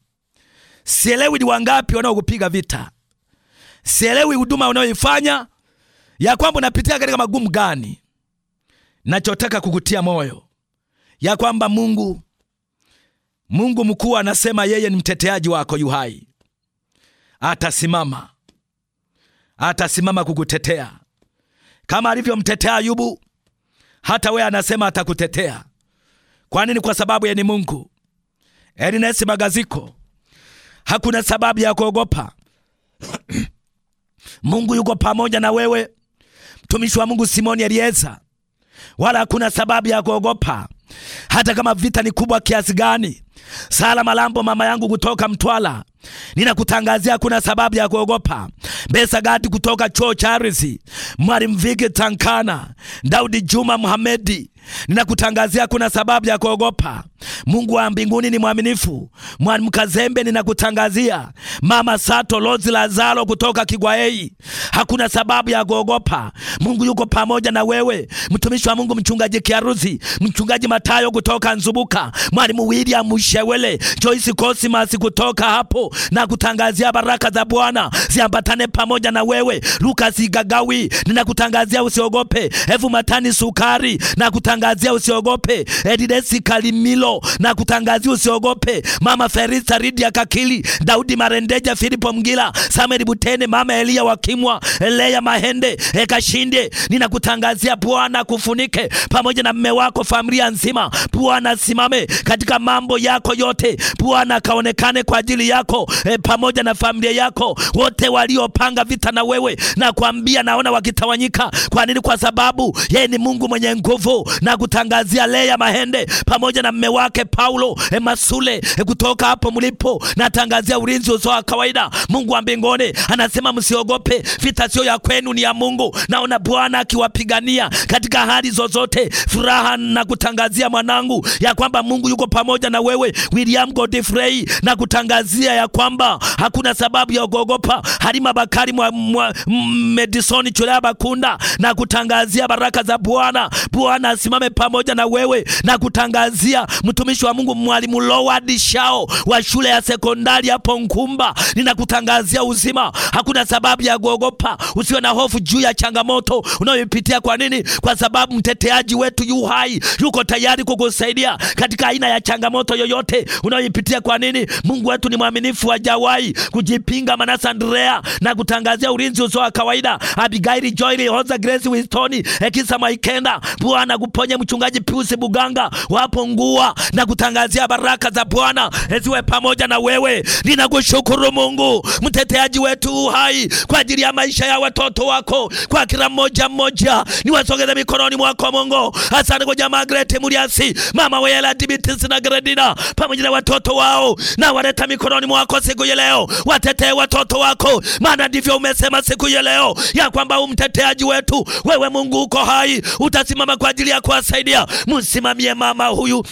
sielewi ni wangapi wanaokupiga vita sielewi huduma unayoifanya ya kwamba unapitia katika magumu gani. Nachotaka kukutia moyo ya kwamba Mungu Mungu mkuu anasema yeye ni mteteaji wako yu hai, atasimama atasimama kukutetea kama alivyomtetea Ayubu. Hata wewe anasema atakutetea. Kwa nini? Kwa sababu yeye ni Mungu. Elinesi Magaziko, hakuna sababu ya kuogopa. [CLEARS THROAT] Mungu yuko pamoja na wewe. Mtumishi wa Mungu Simoni eliesa wala hakuna sababu ya kuogopa, hata kama vita ni kubwa kiasi gani. Sala Malambo, mama yangu kutoka Mtwala, ninakutangazia kuna sababu ya kuogopa. Besa Gati kutoka Chuo Charisi, Mwalimu Viki Tankana, Daudi Juma Muhamedi, Ninakutangazia kuna sababu ya kuogopa. Mungu wa mbinguni ni mwaminifu. Mwamkazembe, ninakutangazia mama Sato Lozi Lazaro kutoka Kigwaei, hakuna sababu ya kuogopa. Mungu yuko pamoja na wewe, mtumishi wa Mungu, mchungaji Kiaruzi, mchungaji Matayo kutoka Nzubuka, mwalimu William Shewele, Joyce Cosmas kutoka hapo. Nakutangazia baraka za Bwana ziambatane pamoja na wewe. Lucas Gagawi, ninakutangazia usiogope. Efu Matani Sukari, nakutangazia kutangazia usiogope. Edidesi Kalimilo na kutangazia usiogope. Mama Ferista Ridia Kakili, Daudi Marendeja, Filipo Mgila, Sameri Butene, Mama Elia Wakimwa, Elea Mahende, Ekashinde, ninakutangazia Bwana kufunike pamoja na mme wako, familia nzima. Bwana simame katika mambo yako yote. Bwana kaonekane kwa ajili yako e, pamoja na familia yako. Wote waliopanga vita na wewe, na kuambia naona wakitawanyika. Kwa nini? Kwa sababu yeye ni Mungu mwenye nguvu, na kutangazia Leya Mahende pamoja na mme wake Paulo e Masule e kutoka hapo mlipo, natangazia ulinzi usio wa kawaida. Mungu wa mbinguni anasema msiogope, vita sio ya kwenu, ni ya Mungu. Naona Bwana akiwapigania katika hali zozote. Furaha na kutangazia mwanangu ya kwamba Mungu yuko pamoja na wewe. William Godfrey na kutangazia ya kwamba hakuna sababu ya kuogopa. Halima Bakari mwa, mwa, Medison Chulea Bakunda na kutangazia baraka za Bwana. Bwana nisimame pamoja na wewe na kutangazia mtumishi wa Mungu mwalimu Lowad Shao wa shule ya sekondari hapo Nkumba, ninakutangazia uzima. Hakuna sababu ya kuogopa, usiwe na hofu juu ya changamoto unayoipitia. Kwa nini? Kwa sababu mteteaji wetu yu hai, yuko tayari kukusaidia katika aina ya changamoto yoyote unayoipitia. Kwa nini? Mungu wetu ni mwaminifu, hajawahi kujipinga. Manasa Andrea na kutangazia ulinzi usio wa kawaida. Abigail Joy Hoza Grace Winston Ekisa Maikenda, Bwana Mponye mchungaji Piusi Buganga wapongua na kutangazia baraka za Bwana ziwe pamoja na wewe. Ninakushukuru Mungu, mteteaji wetu hai, kwa ajili ya maisha ya watoto wako, kwa kila mmoja mmoja, niwasogeze mikononi mwako Mungu. Asante kwa jamaa Grete Muriasi, mama Wela Dibitis na Gredina pamoja na watoto wao, na waleta mikononi mwako siku ya leo. Watetee watoto wako, maana ndivyo umesema siku ya leo ya kwamba umteteaji wetu wewe Mungu uko hai, utasimama kwa ajili yako kuwasaidia, msimamie mama huyu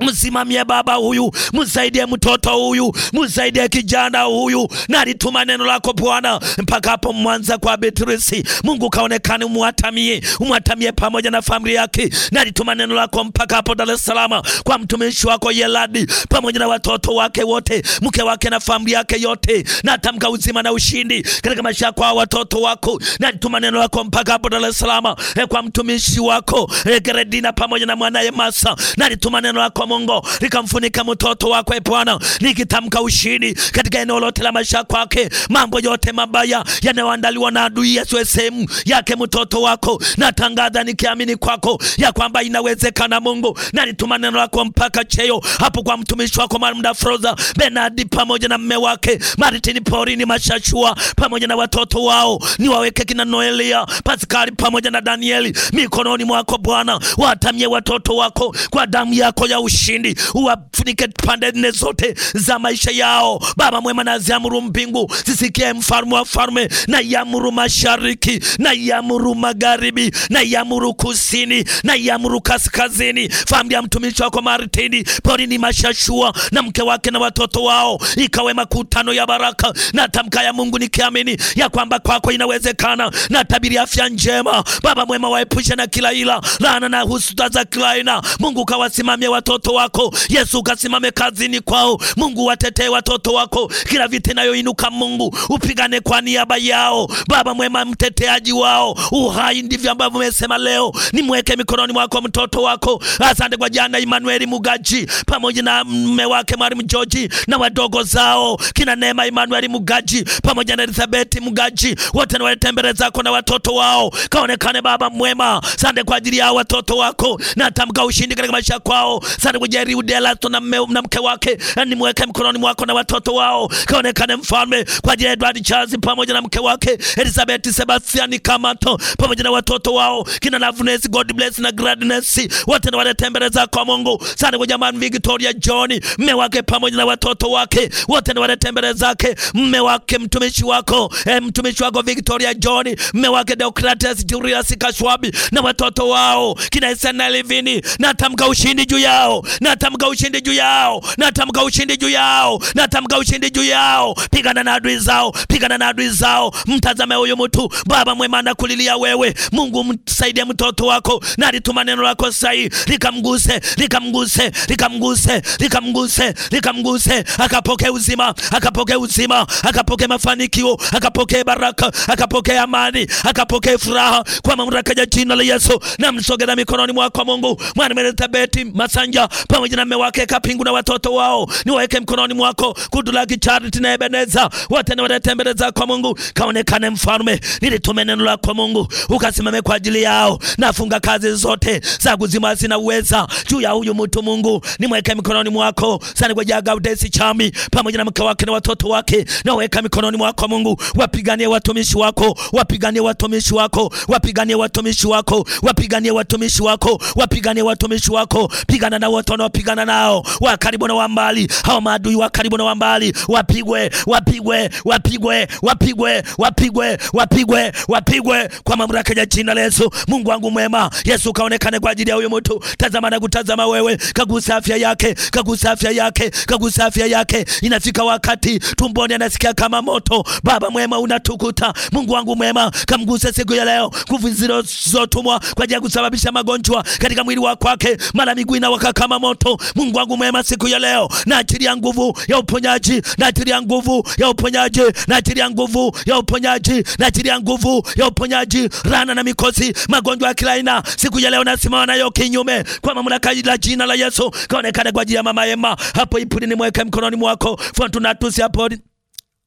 Msimamie baba huyu, msaidie mtoto huyu, msaidie kijana huyu, na alituma neno lako Bwana mpaka hapo Mwanza kwa Beatrice. Mungu kaonekane, umwatamie, umwatamie pamoja na familia yake, na alituma neno lako mpaka hapo Dar es Salaam kwa mtumishi wako Yeladi pamoja na watoto wake wote, mke wake na familia yake yote, na tamka uzima na ushindi katika maisha kwa watoto wako, na alituma neno lako mpaka hapo Dar es Salaam eh, kwa mtumishi wako eh, Gredina, pamoja na mwanaye Masa, na alituma neno lako Mungu likamfunika mtoto wako e Bwana, nikitamka ushindi katika eneo lote la maisha kwake. Mambo yote mabaya yanayoandaliwa na adui yasiwe sehemu yake mtoto wako, natangaza nikiamini kwako ya kwamba inawezekana Mungu, na nituma neno lako mpaka cheo hapo kwa mtumishi wako Madam Froza Benadi pamoja na mme wake Martin Porini Mashashua pamoja na watoto wao, niwaweke kina Noelia Pascal pamoja na Danieli mikononi mwako Bwana, watamie watoto wako kwa damu yako ya ushi ushindi, uwafunike pande nne zote za maisha yao. Baba mwema, na ziamuru mbingu zisikie, mfalme wa falme, yamuru mashariki, na yamuru magharibi, na yamuru kusini, na yamuru kaskazini. Familia mtumishi wako Martini Porini Mashashua na mke wake na watoto wao, ikawe makutano ya baraka na tamka ya Mungu, nikiamini ya kwamba kwako kwa inawezekana, na tabiri afya njema. Baba mwema, waepushe na kila ila laana na husuda za kila aina. Mungu kawasimamie watoto watoto wako. Yesu ukasimame kazini kwao. Mungu watetee watoto wako, kila vita inayoinuka Mungu upigane kwa niaba yao. Baba mwema, mteteaji wao, uhai ndivyo ambavyo umesema leo, nimweke mikononi mwako mtoto wako. Asante kwa jana Emmanuel Mugaji pamoja na mume wake Mwalimu George na wadogo zao kina Neema Emmanuel Mugaji pamoja na Elizabeth Mugaji, wote niwalete mbele zako na watoto wao, kaonekane Baba mwema. Asante kwa ajili ya watoto wako, natamka ushindi katika maisha kwao. Asante alikuja Daudi alazwa na, na mke wake, eh, nimweke mkononi mwako na watoto wao, kaonekane mfalme kwa ajili ya Edward Charles pamoja na mke wake Elizabeth Sebastian Kamato pamoja na watoto wao kina Loveness, God bless na Gladness, wote wale tembele za kwa Mungu sana kwa jamani Victoria John, mme wake pamoja na watoto wake wote wale wanatembeleza zake, mme wake mtumishi wako eh, mtumishi wako Victoria John, mme wake Deokrates Julius Kashwabi na watoto wao kina Isana Levini, na tamka ushindi juu yao natamka ushindi juu yao, natamka ushindi juu yao, natamka ushindi juu yao. Pigana na adui zao, pigana na adui zao. Mtazame huyu mtu, baba mwema anakulilia wewe. Mungu msaidie mtoto wako, na alituma neno lako sahi, likamguse, likamguse, likamguse, likamguse, likamguse, akapokea uzima, akapokea uzima, akapokea mafanikio, akapokea baraka, akapokea amani, akapokea furaha kwa mamlaka ya jina la Yesu. Namsogeza mikononi mwako Mungu, mwana mwenye tabeti Masanja pamoja na mume wake Kapingu na watoto wao, niwaweke mkononi mwako. Goodluck Charity na Ebeneza wote niwalete mbele zako Mungu, kaonekane mfalme. Nilitume neno la kwa Mungu, ukasimame kwa ajili yao. Nafunga kazi zote za kuzima, sina uweza juu ya huyu mtu Mungu, nimweke mikononi mwako. Sana kwa jaga udesi chami pamoja na mke wake na watoto wake, naweka mikononi mwako Mungu. Wapiganie watumishi wako, wapiganie watumishi wako, wapiganie watumishi wako, wapiganie watumishi wako, wapiganie watumishi wako, pigana na wote wanaopigana nao wa karibu na wa mbali, hao maadui wa karibu na wa mbali, wapigwe, wapigwe, wapigwe, wapigwe, wapigwe, wapigwe, wapigwe kwa mamlaka ya jina la Yesu. Mungu wangu mwema, Yesu kaonekane kwa ajili ya huyo mtu. Tazama na kutazama wewe, kagusa afya yake, kagusa afya yake, kagusa afya yake. Inafika wakati tumboni anasikia kama moto. Baba mwema, unatukuta. Mungu wangu mwema, kamguse siku ya leo, nguvu zilizotumwa kwa ajili ya kusababisha magonjwa katika mwili wake, mara miguu inawaka kama moto. Mungu wangu mwema, siku ya leo naachilia nguvu ya uponyaji, naachilia nguvu ya uponyaji, naachilia nguvu ya uponyaji, naachilia nguvu ya uponyaji, rana na mikosi, magonjwa ya kila aina, siku ya leo nasimama nayo kinyume kwa mamlaka la jina la Yesu. Kaonekane kwa ajili ya mama Emma hapo Ipulini, mweke mkononi mwako fontu natusi hapo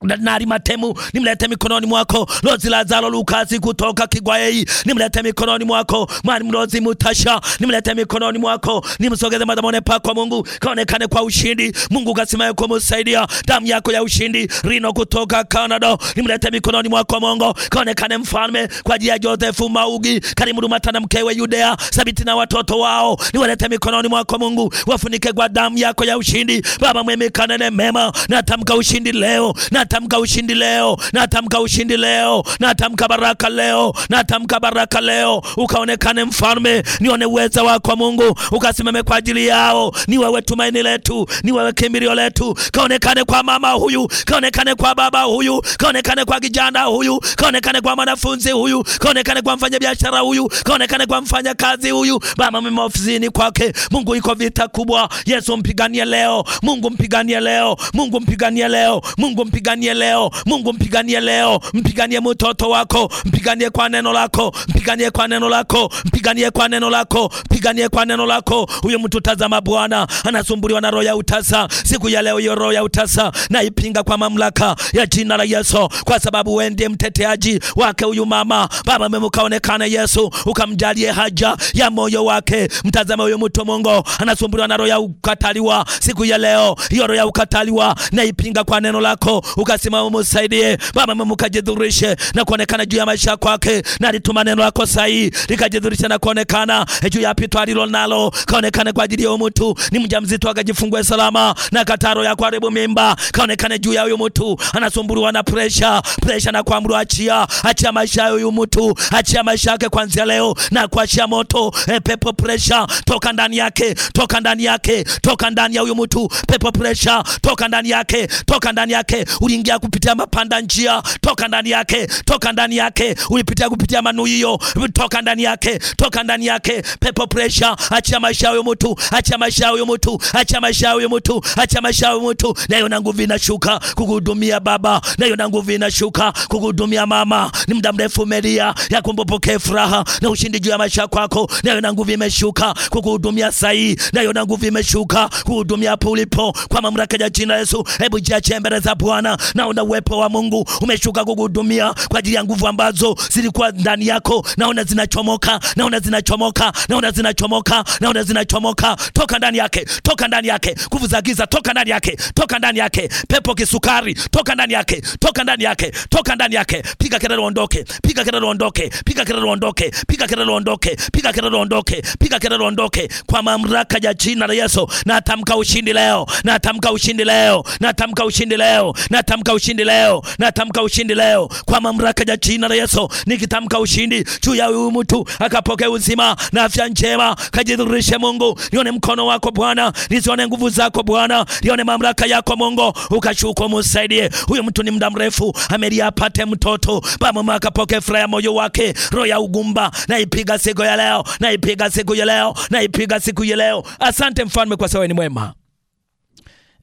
Nari Matemu nimlete mikononi mwako. Lozi Lazaro Lukasi kutoka Kigwaei nimlete mikononi mwako. Mani Mlozi Mutasha nimlete mikononi mwako, nimsogeze madhabahuni pako kwa Mungu, kaonekane kwa ushindi. Mungu kasimaye kumsaidia, damu yako ya ushindi. Rino kutoka Canada nimlete mikononi mwako Mungu, kaonekane mfalme. Kwa ajili ya Josefu Maugi Karimu Rumata na mkewe Yudea Sabiti na watoto wao niwalete mikononi mwako Mungu, wafunike kwa damu yako ya ushindi. Baba mwema, kanene mema, natamka ushindi leo na Natamka ushindi leo, natamka ushindi leo, natamka baraka leo, natamka baraka leo. Ukaonekane mfalme, nione uweza wako Mungu, ukasimame kwa ajili yao. Ni wewe tumaini letu, ni wewe kimbilio letu. Kaonekane kwa mama huyu, kaonekane kwa baba huyu, kaonekane kwa kijana huyu, kaonekane kwa mwanafunzi huyu, kaonekane kwa mfanyabiashara huyu, kaonekane kwa mfanyakazi huyu. mama mimi ofisini kwake, Mungu iko vita kubwa. Yesu mpiganie leo, Mungu mpiganie leo, Mungu mpiganie leo, Mungu mpiganie mpiganie leo, Mungu mpiganie leo, mpiganie mtoto wako, mpiganie kwa neno lako, mpiganie kwa neno lako, mpiganie kwa neno lako, mpiganie kwa neno lako. Huyo mtu tazama, Bwana anasumbuliwa na roho ya utasa siku ya leo. Hiyo roho ya utasa naipinga kwa mamlaka ya jina la Yesu, kwa sababu wewe ndiye mteteaji wake huyu mama. Baba mimi ukaonekane Yesu, ukamjalie haja ya moyo wake. Mtazama huyo mtu Mungu anasumbuliwa na roho ya ukataliwa siku ya leo. Hiyo roho ya ukataliwa naipinga kwa neno lako Uka ukasimama umsaidie Baba mama kajidhurishe na kuonekana juu ya maisha kwake, na alituma neno lako sahihi likajidhurisha na kuonekana e, juu ya pito alilo nalo, kaonekane kwa ajili ya mtu ni mjamzito, akajifungua salama na kataro ya kuharibu mimba, kaonekane juu ya huyo mtu anasumbuliwa na pressure pressure, na kuamuru achia, achia maisha ya huyo mtu, achia maisha yake kuanzia leo na kuachia moto e, pepo pressure, toka ndani yake, toka ndani yake, toka ndani ya huyo mtu, pepo pressure, toka ndani yake, toka ndani yake uli ingia kupitia mapanda njia, toka ndani yake, toka ndani yake. Ulipitia kupitia manuio, toka ndani yake, toka ndani yake. Pepo pressure, acha maisha ya huyo mtu, acha maisha ya huyo mtu, acha maisha ya huyo mtu, acha maisha ya huyo mtu. Leo na nguvu inashuka kukuhudumia baba, leo na nguvu inashuka kukuhudumia mama. Ni muda mrefu umelia ya kumpokea furaha na ushindi juu ya maisha yako, leo na nguvu imeshuka kukuhudumia sahi, leo na nguvu imeshuka kukuhudumia ulipo, kwa mamlaka ya jina Yesu. Hebu jiache mbele za Bwana. Naona uwepo wa Mungu umeshuka kukuhudumia kwa ajili ya nguvu ambazo zilikuwa ndani yako. Naona zinachomoka, naona zinachomoka, naona zinachomoka, naona zinachomoka. Toka ndani yake, toka ndani yake. Nguvu za giza toka ndani yake, toka ndani yake. Pepo kisukari toka ndani yake, toka ndani yake, toka ndani yake. Piga kelele uondoke, piga kelele uondoke, piga kelele uondoke, piga kelele uondoke, piga kelele uondoke, piga kelele uondoke kwa mamlaka ya jina la Yesu. Natamka ushindi leo, natamka ushindi leo, natamka ushindi leo, natamka Natamka ushindi leo, natamka ushindi leo kwa mamlaka ya jina la Yesu. Nikitamka ushindi juu ya huyu mtu, akapokea uzima na afya njema, kajidhurishe Mungu. Nione mkono wako Bwana, nione nguvu zako Bwana, nione mamlaka yako Mungu, ukashuka msaidie huyu mtu. Ni muda mrefu amelia apate mtoto, baba mama akapokea furaha moyo wake. Roho ya ugumba naipiga siku ya leo, naipiga siku ya leo, naipiga siku ya leo. Asante mfalme, kwa sawa ni mwema.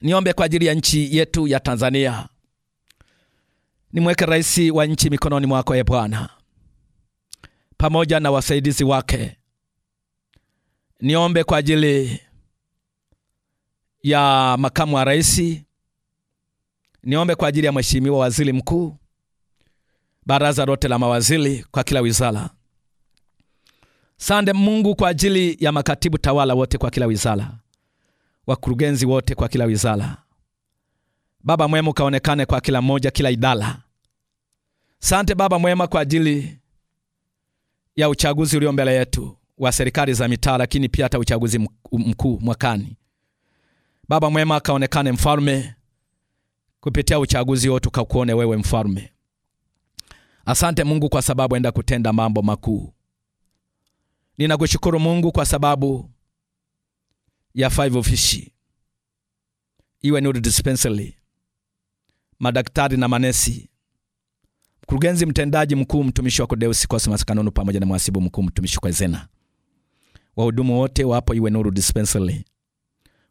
Niombe kwa ajili ya nchi yetu ya Tanzania. Nimweke rais wa nchi mikononi mwako, e Bwana, pamoja na wasaidizi wake. Niombe kwa ajili ya makamu wa rais, niombe kwa ajili ya mheshimiwa waziri mkuu, baraza lote la mawaziri kwa kila wizara. Sande Mungu kwa ajili ya makatibu tawala wote kwa kila wizara, wakurugenzi wote kwa kila wizara Baba mwema ukaonekane kwa kila mmoja, kila idara. Sante Baba mwema kwa ajili ya uchaguzi ulio mbele yetu wa serikali za mitaa, lakini pia hata uchaguzi mkuu mwakani. Baba mwema kaonekane mfalme kupitia uchaguzi wote, ukakuone wewe mfalme. Asante Mungu kwa sababu enda kutenda mambo makuu. Ninakushukuru Mungu kwa sababu ya Five ofishi, iwe nuru dispensary madaktari na manesi, mkurugenzi mtendaji mkuu mtumishi wako Deusi Cosmas Kanunu, pamoja na mhasibu mkuu mtumishi kwa Zena, wahudumu wote wapo Iwe Nuru Dispensary,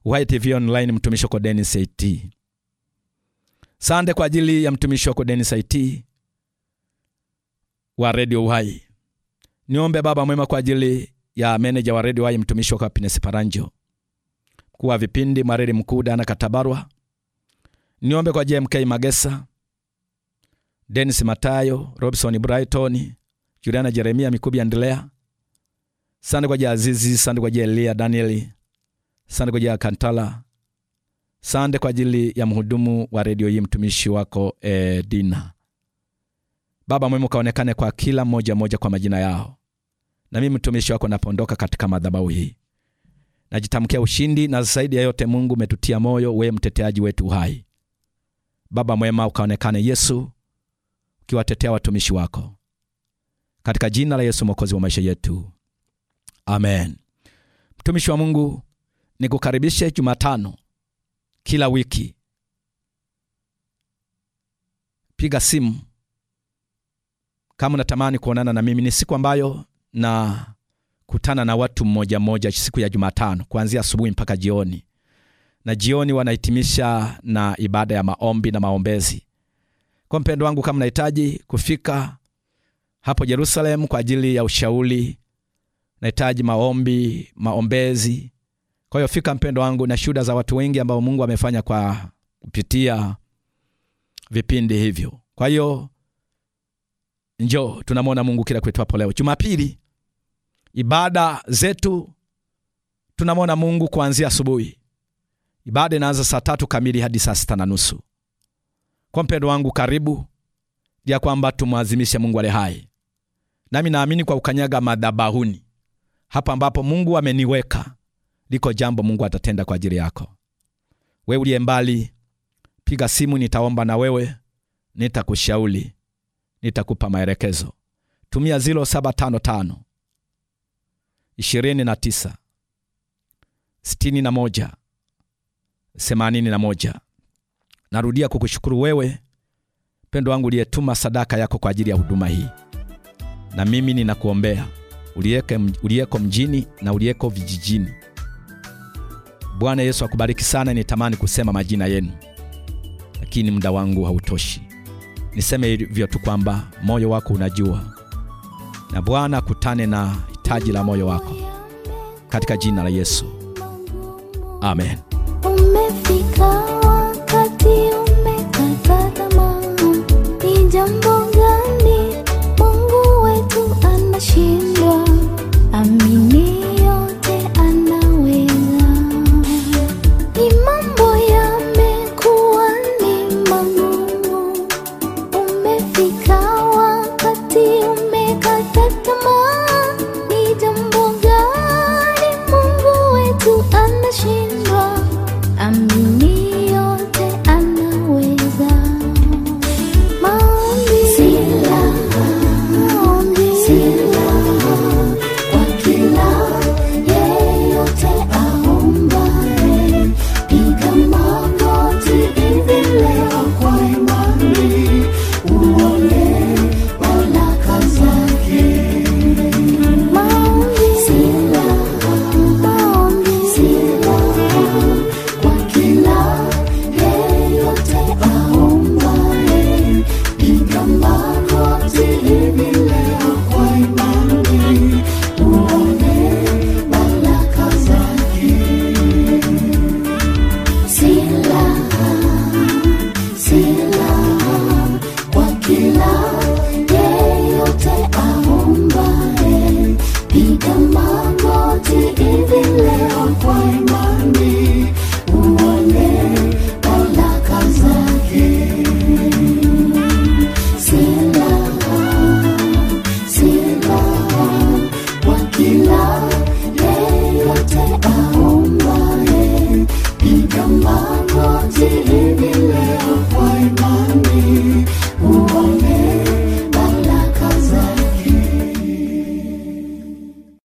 Uhai TV Online, mtumishi wako Dennis IT. Sande kwa ajili ya mtumishi wako Dennis IT wa Radio Uhai. Niombe Baba mwema kwa ajili ya meneja wa Radio Uhai mtumishi wako Happiness Paranjo, mkuu vipindi Mareri mkuu Dana Katabarwa Niombe kwa JMK Magesa, Dennis Matayo, Robson Brighton, Juliana Jeremia, Mikubi Andrea. Sante kwa Azizi, sante kwa Elia Danieli, sante kwa Kantala, sante kwa ajili ya mhudumu wa redio hii, mtumishi wako e, Dina. Baba mwema, kaonekane kwa kila mmoja mmoja kwa majina yao, na mimi mtumishi wako napondoka katika madhabahu hii najitamkia ushindi, na zaidi ya yote Mungu umetutia moyo, wewe mteteaji wetu hai Baba mwema, ukaonekane Yesu, ukiwatetea watumishi wako katika jina la Yesu mwokozi wa maisha yetu, amen. Mtumishi wa Mungu, nikukaribishe Jumatano kila wiki. Piga simu kama unatamani kuonana na mimi. Ni siku ambayo nakutana na watu mmoja mmoja, siku ya Jumatano kuanzia asubuhi mpaka jioni na jioni wanahitimisha na ibada ya maombi na maombezi. Kwa mpendo wangu, kama nahitaji kufika hapo Yerusalemu kwa ajili ya ushauri, nahitaji maombi, maombezi. Kwa hiyo fika mpendo wangu, na shuhuda za watu wengi ambao Mungu amefanya kwa kupitia vipindi hivyo. Kwa hiyo njoo, tunamwona Mungu kila kwetu hapo leo. Jumapili ibada zetu tunamwona Mungu kuanzia asubuhi Ibada inaanza saa tatu kamili hadi saa sita na nusu. Kwa mpendo wangu, karibu ya kwamba tumwazimishe Mungu ale hai, nami naamini kwa ukanyaga madhabahuni hapa ambapo Mungu ameniweka, liko jambo Mungu atatenda kwa ajili yako. We uliye mbali, piga simu, nitaomba na wewe, nitakushauri, nitakupa maelekezo. Tumia zilo 755 29 61 81. Narudia kukushukuru wewe mpendo wangu uliyetuma sadaka yako kwa ajili ya huduma hii, na mimi ninakuombea uliyeko mjini na uliyeko vijijini. Bwana Yesu akubariki sana. Nitamani kusema majina yenu, lakini muda wangu hautoshi. Niseme hivyo tu kwamba moyo wako unajua, na Bwana akutane na hitaji la moyo wako katika jina la Yesu, amen. Mungu wetu anashindwa? Amini.